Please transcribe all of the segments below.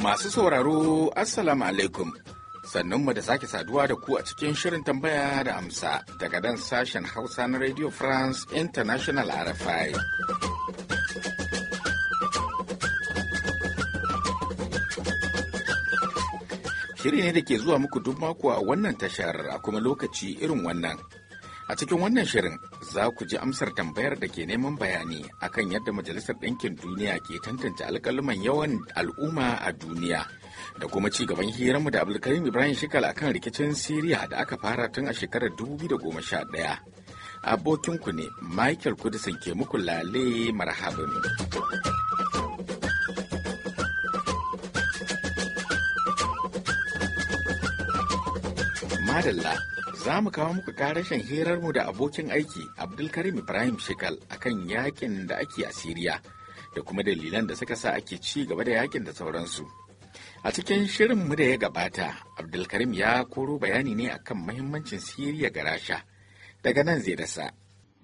Masu sauraro, Assalamu alaikum. mu da sake saduwa da ku a cikin shirin tambaya da amsa daga dan sashen Hausa na Radio France International RFI. Shiri ne da ke zuwa muku duk mako a wannan tashar a kuma lokaci irin wannan. A cikin wannan shirin za ku ji amsar tambayar da ke neman bayani akan yadda Majalisar Ɗinkin Duniya ke tantance alƙaluman yawan al'umma a duniya da kuma ci gaban hiranmu da Abdulkarim Ibrahim Shikal akan rikicin Siriya da aka fara tun a shekarar 2011. Abokinku ne Michael Kudisin ke muku lale marhaban. Madalla za mu kawo muku hirar mu da abokin aiki Abdulkarim Ibrahim Shekal akan yakin da ake a Siriya da kuma dalilan da suka sa ake ci gaba da yakin da sauransu. A cikin shirin mu da ya gabata, Abdulkarim ya koro bayani ne akan mahimmancin Siriya ga Rasha. Daga nan zai rasa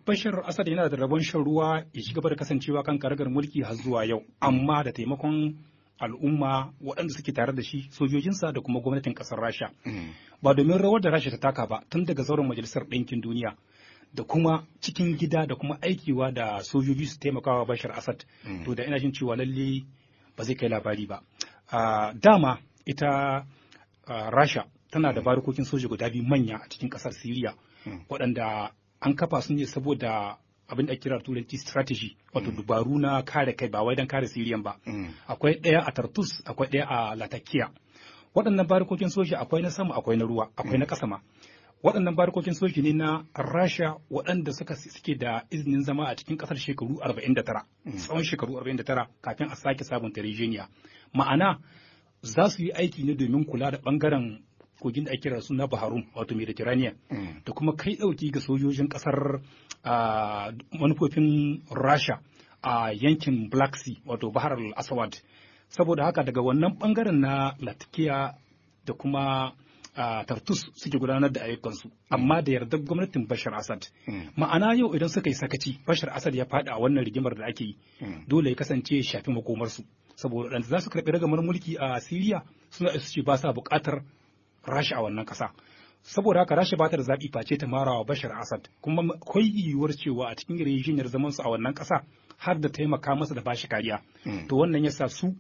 Bashir Asad yana da rabon shan ruwa ya ci gaba da kasancewa kan karagar mulki har zuwa yau, amma da taimakon al'umma waɗanda suke tare da shi sojojinsa da kuma gwamnatin ƙasar rasha mm. ba domin rawar da rasha ta taka ba tun daga zauren majalisar ɗinkin duniya da kuma cikin gida da kuma aikiwa da sojoji su taimakawa bashar asad mm. to da ina jin cewa lalle ba zai kai labari ba dama ita rasha tana da mm. barukokin soja guda biyu manya a cikin ƙasar siriya waɗanda an kafa su ne saboda abin da kira turanci strategy wato mm. dubaru na kare kai ba wai don kare siriyan ba mm. akwai ɗaya a tartus akwai ɗaya a latakia waɗannan barikokin soji akwai na sama akwai na ruwa akwai na mm. ƙasa ma waɗannan barikokin soji ne na rasha waɗanda suka suke da izinin zama a cikin ƙasar shekaru 49 tsawon shekaru 49 kafin a sake sabunta rijiniya ma'ana za su yi aiki ne domin kula da ɓangaren kogin da ake kira suna baharum wato mediterranean mm. da kuma kai dauki ga sojojin kasar manufofin rasha a yankin black sea wato bahar al-aswad saboda haka daga wannan bangaren na Latikiya da kuma tartus suke gudanar da ayyukansu amma da yardar gwamnatin bashar asad mm. ma'ana yau idan suka yi sakaci bashar asad ya faɗi a wannan rigimar da ake yi mm. dole ya kasance shafi makomarsu saboda waɗanda za su karɓi ragamar mulki a Siriya suna isu ce ba sa buƙatar rasha a wannan kasa saboda haka rasha bata da zaɓi face ta marawa bashar asad kuma akwai yiwuwar cewa a cikin rijiyar zaman su a wannan ƙasa har da taimaka masa da bashi kariya hmm. to wannan yasa su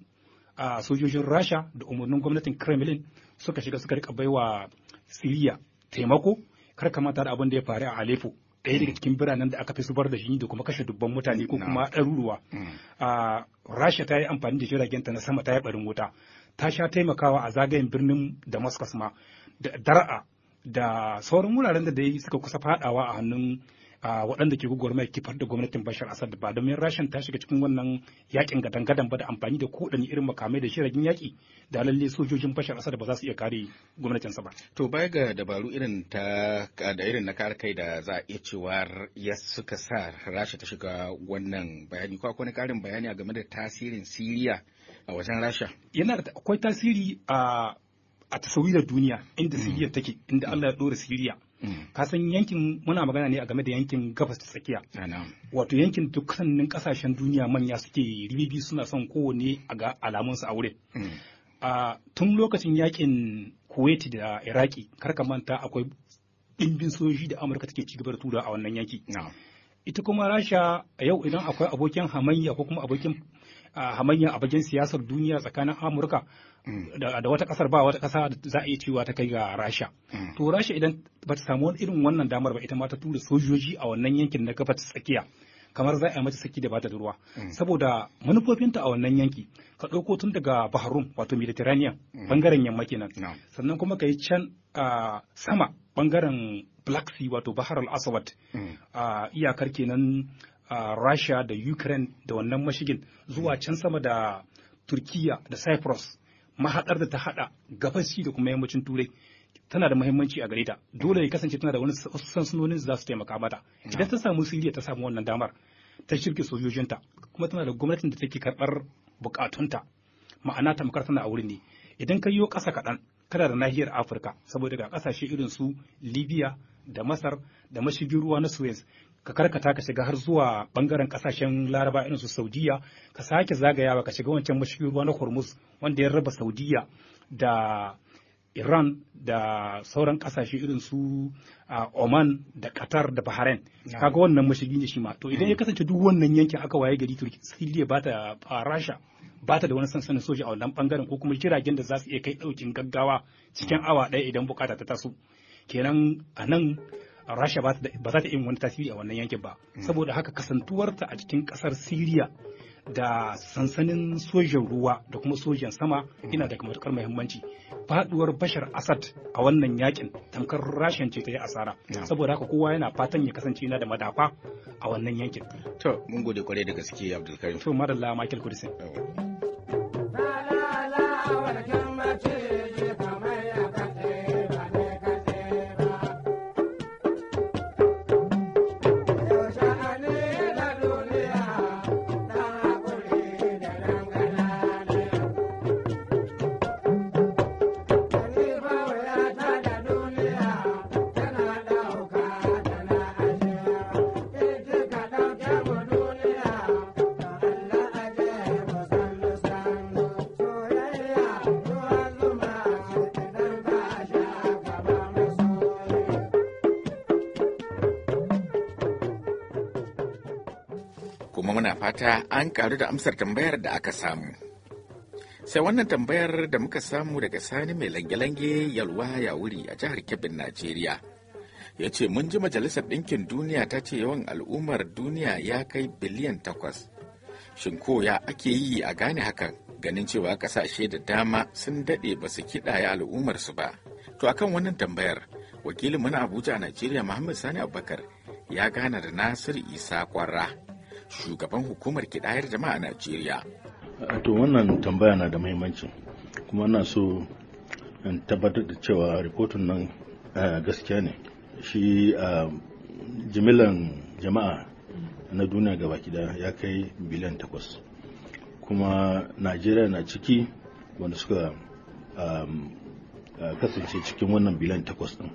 a sojojin rasha da umarnin gwamnatin kremlin suka shiga suka rika baiwa siriya taimako kar kamata da abin da ya faru a aleppo ɗaya daga hmm. cikin biranen da aka fi zubar da shi da kuma kashe dubban mutane ko kuma ɗaruruwa. Hmm. Rasha ta yi amfani da jiragenta na sama ta yi ɓarin wuta ta sha taimakawa a zagayen birnin damascus ma da dara'a da sauran wuraren da dai suka kusa fadawa a hannun waɗanda ke gwagwarmaya kifar da gwamnatin bashar asad ba domin rashin ta shiga cikin wannan yakin gadan-gadan ba da amfani da koɗani irin makamai da shiragin yaƙi da lalle sojojin bashar asad ba za su iya kare gwamnatinsa ba. to baya ga dabaru irin ta da irin na kare kai da za a iya cewa ya suka sa rasha ta shiga wannan bayani ko akwai ƙarin bayani a game da tasirin siriya a wajen rasha yana da akwai tasiri a a tasawirar duniya inda mm. siriya take inda allah ya dora siriya mm. ka san yankin muna magana ne a game da yankin gabas ta tsakiya wato yankin dukkanin kasashen duniya manya suke ribibi suna son kowane a ga alamunsa a wurin mm. tun lokacin yakin kuwait da iraki karka manta akwai dimbin sojoji da amurka take ci da tura a wannan yanki. ita kuma rasha yau idan akwai abokin hamayya ko kuma abokin hamayyan a bajin siyasar duniya tsakanin Amurka mm. da wata kasar ba wata kasa za a iya cewa ta kai ga Rasha. Mm. To Rasha idan ba ta samu irin wannan damar ba ita ma ta tura sojoji a wannan yankin na gabas tsakiya. kamar za a yi mata saki da bata da ruwa mm. saboda manufofinta a wannan yanki ka ɗauko tun daga baharum wato mediterranean bangaren yamma kenan sannan kuma ka yi can sama bangaren black sea wato bahar al-aswad a iyakar kenan a Russia da Ukraine da wannan mashigin zuwa mm. can sama da Turkiya da Cyprus mahaɗar da ta haɗa gabashi da kuma yammacin Turai tana da muhimmanci a gare ta dole ya kasance tana da wani sansanonin za su taimaka mata mm. idan ta samu Siriya ta samu wannan damar ta shirke sojojinta kuma tana da gwamnatin da take karɓar bukatunta ma'ana tamkar tana a wurin ne idan ka yiwo ƙasa kaɗan kana da nahiyar Afirka saboda ga ƙasashe irin su Libya da Masar da mashigin ruwa na Suez ka karkata ka shiga har zuwa bangaren kasashen laraba irin su saudiya ka sake zagayawa ka shiga wancan mashigin ruwa na hormuz wanda ya raba saudiya da Iran da sauran kasashe irin su Oman da Qatar da Bahrain yeah. kaga wannan mashigin da shi ma to idan ya hmm. kasance duk wannan yankin aka waye gari Turki Siriya ba ta Rasha ba ta da wani sansanin soja a wannan bangaren ko kuma jiragen da za su iya kai daukin gaggawa cikin hmm. awa ɗaya idan bukata ta taso kenan a nan rasha ba za ta yin wani tasiri a wannan yankin ba mm. saboda haka kasantuwarta a cikin kasar siriya da sansanin sojan ruwa da kuma sojan sama yana mm. da matukar muhimmanci faduwar bashar asad a wannan yakin tamkar rashin ce ta yi asara saboda haka kowa yana fatan ya kasance yana da madafa a wannan yankin to mun gode kwarai da gaske abdulkarim to madalla michael kudisin Ta an karu da amsar tambayar da aka samu. Sai wannan tambayar da muka samu daga sani mai lange-lange yalwa ya wuri a jihar Kebbin Najeriya. Ya ce mun ji majalisar ɗinkin duniya ta ce yawan al'ummar duniya ya kai biliyan takwas. Shin ko ya ake yi a gane hakan ganin cewa ƙasashe da dama sun daɗe ba su kiɗaya al'ummarsu ba. To akan wannan tambayar wakilin mana Abuja a Najeriya Muhammad Sani Abubakar ya gana da Nasiru Isa Kwarra. shugaban hukumar kidayar jama'a Najeriya. To wannan tambaya na da mahimmanci, kuma ana so in tabbatar da cewa rikoton nan gaskiya ne shi a jimilan jama'a na duniya gaba kida ya kai biliyan takwas kuma najeriya na ciki wanda suka kasance cikin wannan biliyan takwas din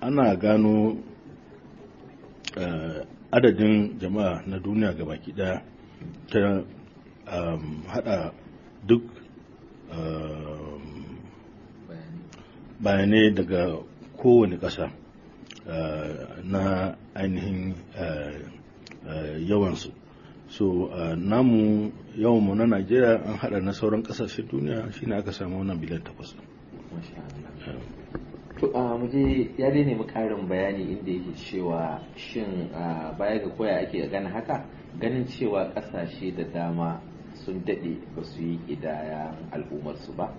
ana gano adadin jama'a na duniya ga baki daya ta um, hada duk um, bayanai daga kowane ƙasa uh, na ainihin uh, uh, yawansu so namu yawanmu na najeriya an hada na sauran ƙasashen duniya shine aka samu wannan biliyan takwas to a ah, muje ya dai nemi karin bayani inda yake cewa shin ah, baya ga koya ake gana haka ganin cewa kasashe da dama sun daɗe ba su yi ƙidayan al'ummarsu ba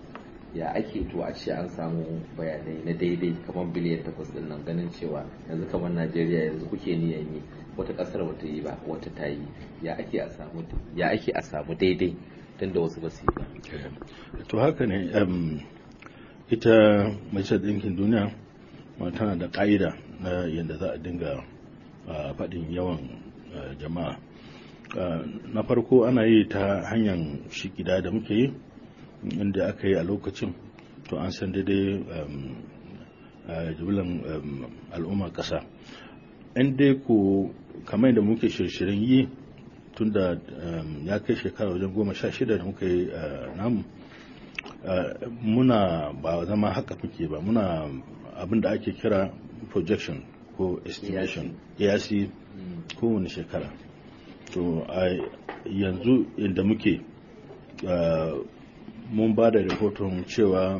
ya ake to a ce an samu bayanai na daidai kamar biliyan takwas din nan ganin cewa yanzu kamar najeriya yanzu kuke niyan yi wata ƙasar wata yi ba wata ta yi ya ake a samu ya ake a daidai tunda wasu ba su yi ba to haka ne um, ita majalisar ɗinkin duniya tana da ƙa'ida na yadda za a dinga faɗin yawan jama'a na farko ana yi ta hanyar shi gida da muke yi inda aka yi a lokacin to an san daidai jibilan al'ummar ƙasa in dai ko kamar da muke shirshirin yi tun da ya kai shekara wajen goma sha shida da muka yi namu Eh, muna ba zama haka muke ba muna abin da ake kira projection ko estimation yasi hmm. kowane shekara to a yanzu inda muke eh, mun ba da rahoton cewa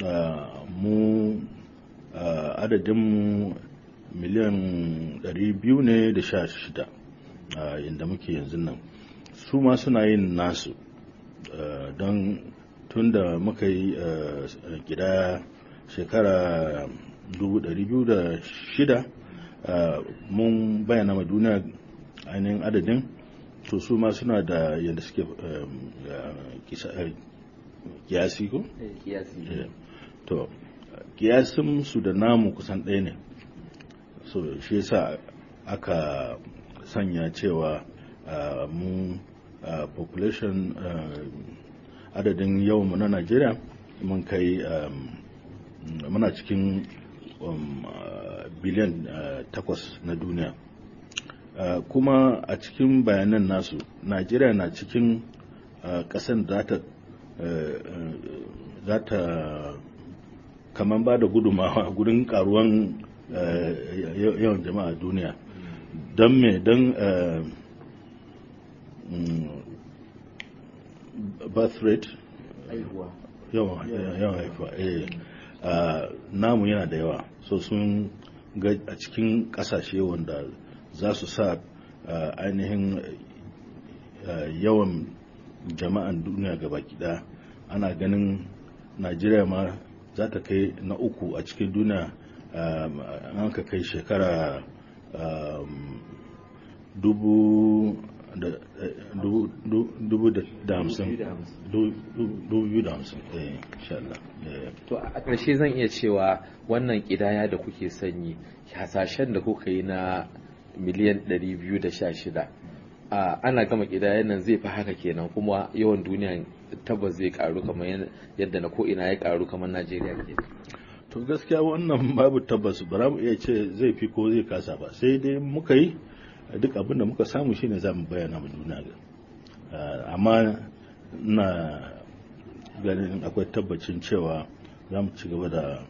eh, mu adadin mu miliyan 200 ne da sha shida inda muke yanzu nan su ma suna yin nasu don tun da muka yi eh, gida shekara 2006 eh, mun bayyana ma duniya ainihin adadin to su ma suna da yadda suke eh, kiyasi ko? to kiyasin su da namu kusan ɗaya ne so shi yasa aka sanya cewa mun population adadin yawanmu na najeriya mun kai um, muna cikin um, biliyan eh, takwas na duniya eh, kuma a cikin bayanan nasu najeriya na cikin eh, ƙasan za ta kamar ba da gudumawa gudun karuwan yawan jama'a duniya don me don mm, birth rate yawan haifuwa eh. ah, namu yana da yawa so sun ga a cikin kasashe wanda za su sa ah, ainihin ah, yawan jama'an duniya gaba ɗaya ana ganin najeriya ma za ta kai na uku a cikin duniya an ka kai shekara dubu to a ƙarshe zan iya cewa wannan ƙidaya da kuke sanyi hasashen da kuka yi na miliyan 216 ana gama ƙidayen nan zai fi haka kenan kuma yawan duniya tabbas zai karu kamar yadda na ko'ina ya karu kamar najeriya ke to gaskiya wannan babu tabbas ba mu iya ce zai fi ko zai kasa ba sai dai muka yi duk abin da muka samu shine za mu bayyana mu juna ah, amma na ganin akwai tabbacin cewa za mu ci gaba da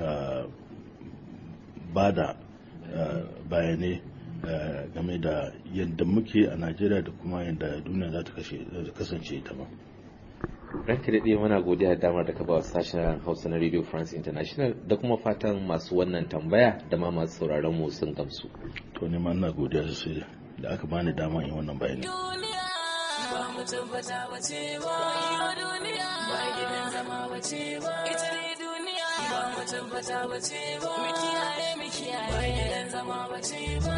ah, ba da ah, bayanai game da yadda muke a najeriya da kuma yadda duniya za ta kasance ita ba ranka daɗe mana godiya da damar da ka ba wa sashen hausa na radio france international da kuma fatan masu wannan tambaya da ma masu sauraron mu sun gamsu to ne ma ina godiya sosai da aka bani dama in wannan bayani ba mu tabbata ba ce ba duniya ba mu tabbata ba ce ba kiyaye mu kiyaye, ba mu tabbata ba ce ba mu kiyaye mu kiyaye ba mu tabbata ba ce ba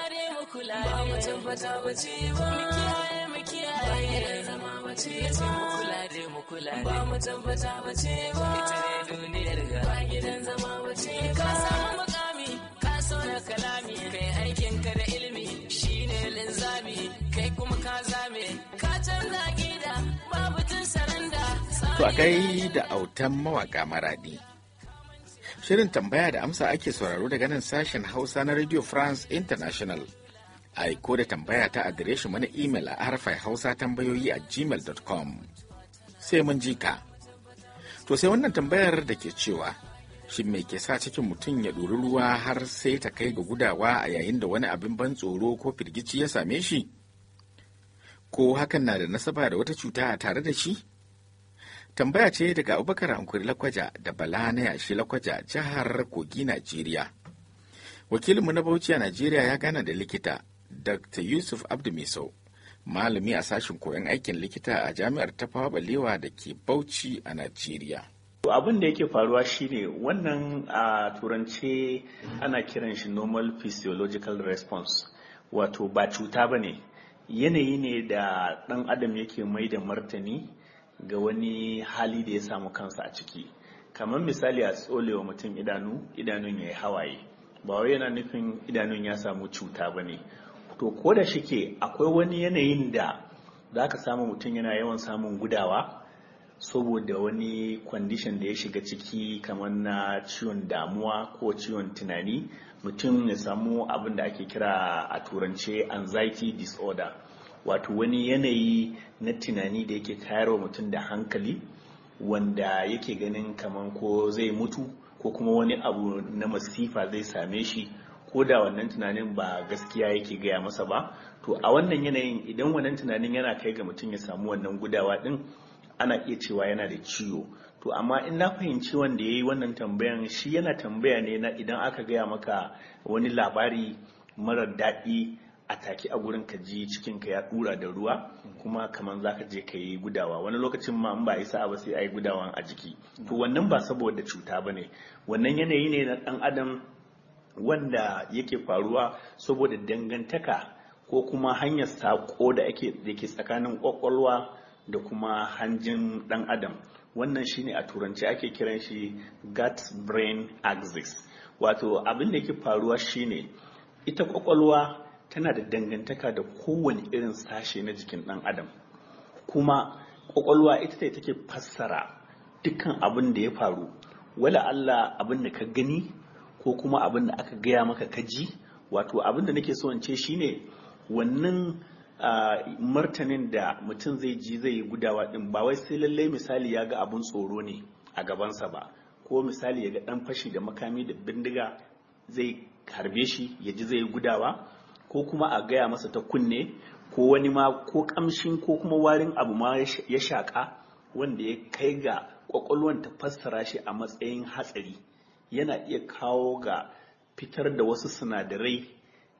mu kiyaye, ba mu ba ce ba mu tabbata ba ce ba mu kiyaye mu kiyaye ba mu tabbata ba ce ba mu je mu kula ba mu tabbata ba ce ba ita ne duniyar ga ba gidan zama ba ce ka samu makami ka sauna kalami kai aikin ka da ilimi shine linzami kai kuma ka zame ka canza gida babu tun saranda to kai da autan mawaka maradi Shirin tambaya da amsa ake sauraro daga nan sashen Hausa na Radio France International. Aiko da tambaya ta adireshi mana imel a harfai hausa tambayoyi a gmail.com. sai mun ji ka to sai wannan tambayar da ke cewa shin mai ke sa cikin mutum ya ɗori ruwa har sai ta kai ga gudawa a yayin da wani abin ban tsoro ko firgici ya same shi ko hakan na da nasaba da wata cuta a tare da shi tambaya ce daga abubakar ankuri lakwaja da bala na yashi lakwaja jihar kogi najeriya wakilinmu na bauchi a najeriya ya gana da likita dr yusuf abdu misau malami a sashen koyon aikin likita a jami'ar tafawa balewa da ke bauchi a najeriya abin da yake faruwa shine wannan a turance ana kiran shi normal physiological response wato ba cuta ba ne yanayi ne da ɗan adam yake mai da martani ga wani hali da ya samu kansa a ciki kamar misali a tsolewa mutum idanu idanun ya yi hawaye ba wai yana nufin idanun ya samu cuta ba ne to ko da shike akwai wani yanayin da za ka samu mutum yana yawan samun gudawa saboda wani kwandishan da ya shiga ciki kamar na ciwon damuwa ko ciwon tunani mutum ya samu abin da ake kira a turance anxiety disorder wato wani yanayi na tunani da yake tayarwa mutum da hankali wanda yake ganin kamar ko zai mutu ko kuma wani abu na masifa zai same shi ko da wannan tunanin ba gaskiya yake gaya masa ba to a wannan yanayin idan wannan tunanin yana kai ga mutum ya samu wannan gudawa din ana iya cewa yana da ciwo to amma in na fahimci wanda ya yi wannan tambayan shi yana tambaya ne na idan aka gaya maka wani labari marar daɗi a take a gurin ka ji cikin ka ya dura da ruwa kuma kamar zaka je ka yi gudawa wani lokacin ma in ba isa ba sai ayi gudawan a jiki to wannan ba saboda cuta bane wannan yanayi ne na dan adam wanda yake faruwa saboda dangantaka ko kuma hanyar saƙo da ke tsakanin ƙwaƙwalwa da kuma hanjin ɗan adam wannan shine a turanci ake kiran shi gut brain axis wato abin da ke faruwa shine ita ƙwaƙwalwa tana da dangantaka da kowane irin sashe na jikin ɗan adam kuma ƙwaƙwalwa ita ce take fassara dukkan abin da ya faru wala Allah abin da ka gani ko kuma abin da aka gaya maka kaji wato abin da nake so in ce shine wannan martanin da mutum zai ji zai yi gudawa din ba wai sai lallai misali ya ga abin tsoro ne a gabansa ba ko misali ya ga dan fashi da makami da bindiga zai harbe shi ya ji zai yi gudawa ko kuma a gaya masa ta kunne ko wani ma ko kamshin ko kuma warin abu ma ya shaƙa wanda ya kai ga kwakwalwan ta fassara shi a matsayin hatsari yana iya kawo ga fitar da wasu sinadarai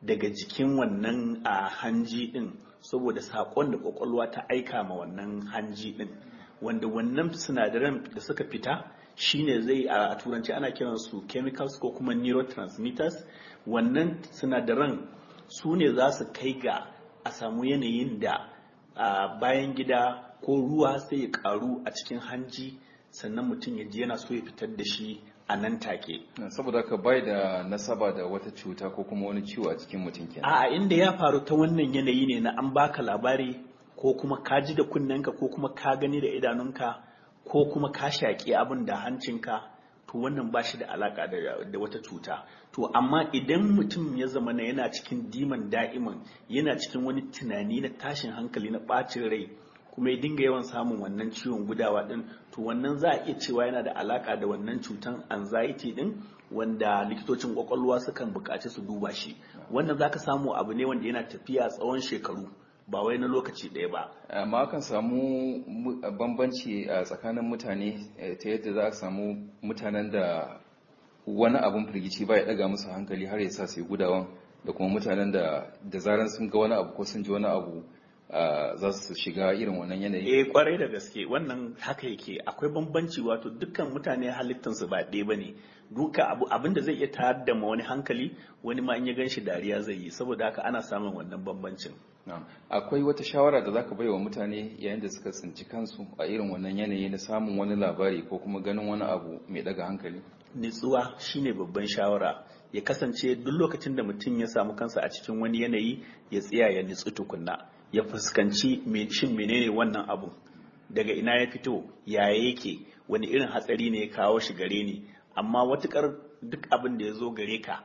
daga jikin wannan a hanji din saboda saƙon da ƙwaƙwalwa ta aika ma wannan hanji din wanda wannan sinadaran da suka fita shine zai a turanci ana kiran su chemicals ko kuma neurotransmitters wannan sinadaran su ne za su kai ga a samu yanayin da bayan gida ko ruwa sai ya karu a cikin hanji sannan mutum ya ji yana so ya fitar da shi a nan take saboda ka bai da nasaba da wata cuta ko kuma wani ciwo a cikin mutum kenan a inda ya faru ta wannan yanayi ne na an baka labari ko kuma ka ji da kunnenka ko kuma ka gani da idanunka ko kuma ka shaƙi abin da hancinka to wannan ba shi da alaka da wata cuta to amma idan mutum ya zama na yana cikin diman da'iman yana cikin wani tunani na tashin hankali na ɓacin rai kuma ya dinga yawan samun wannan ciwon gudawa din to wannan za a iya cewa yana da alaka da wannan cutan anxiety din wanda likitocin kwakwalwa sukan buƙaci su duba shi wannan zaka samu abu ne wanda yana tafiya tsawon shekaru ba wai na lokaci ɗaya ba amma kan samu bambanci a tsakanin mutane e, ta yadda za a samu mutanen da wani abun firgici ba ya ɗaga musu hankali har ya sa su yi gudawan da kuma mutanen da da zaran sun ga wani abu ko sun ji wani abu Eh, za su shiga irin wannan yanayi? Eh kwarai da gaske wannan haka yake akwai bambanci wato dukkan mutane halittansu ba ɗaya ba ne. Duka abu abin da zai iya tayar da ma wani hankali wani ma in ya ganshi dariya zai yi saboda haka ana samun wannan bambancin. Akwai wata shawara da zaka bai wa mutane yayin da suka tsinci kansu a irin wannan yanayi na samun wani labari ko kuma ganin wani abu mai daga hankali? Nitsuwa shine babban shawara ya kasance duk lokacin da mutum ya samu kansa a cikin wani yanayi ya tsaya ya nitsu tukunna. ya fuskanci shin menene wannan abu daga ina ya fito yaya yake wani irin hatsari ne ya kawo shi gare ni amma watukar duk abin da ya zo gare ka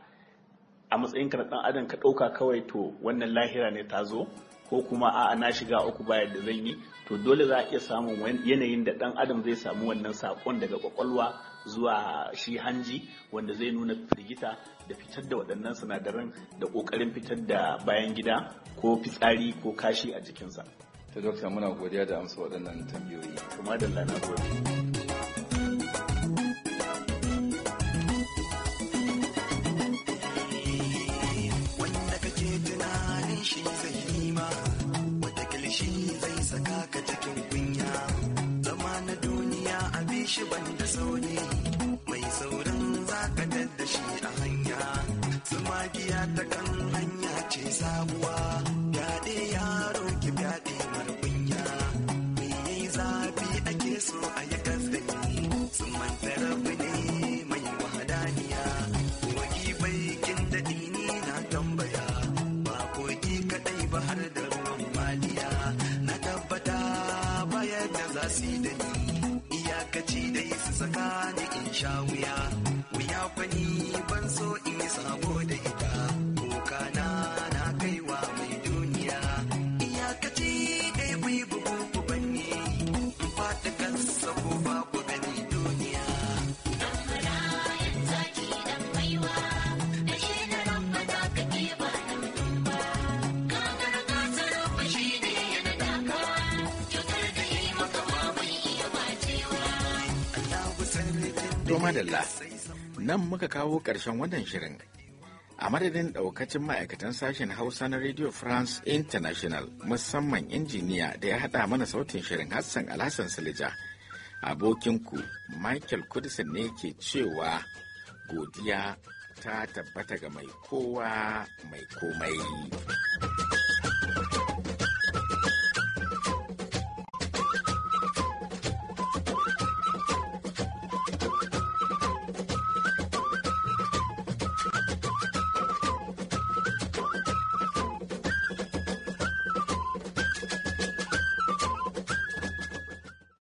a matsayin ka dan adam ka ɗauka kawai to wannan lahira ne ta zo ko kuma a'a na shiga uku ba da zan yi to dole za a iya samun yanayin da dan adam zai samu wannan saƙon daga kwakwalwa zuwa shi hanji wanda zai nuna firgita da fitar da waɗannan sinadaran da ƙoƙarin fitar da bayan gida ko fitsari ko kashi a jikinsa. Ta dokta muna godiya da amsa waɗannan tambayoyi. Kuma da lana godiya. watsi da ni iyakaci su saka ni in sha wuya madalla nan muka kawo ƙarshen wannan shirin a madadin ɗaukacin ma'aikatan sashen hausa na radio france international musamman injiniya da ya haɗa mana sautin shirin hassan alhassan silija abokinku michael kudisin ne ke cewa godiya ta tabbata ga mai kowa mai komai.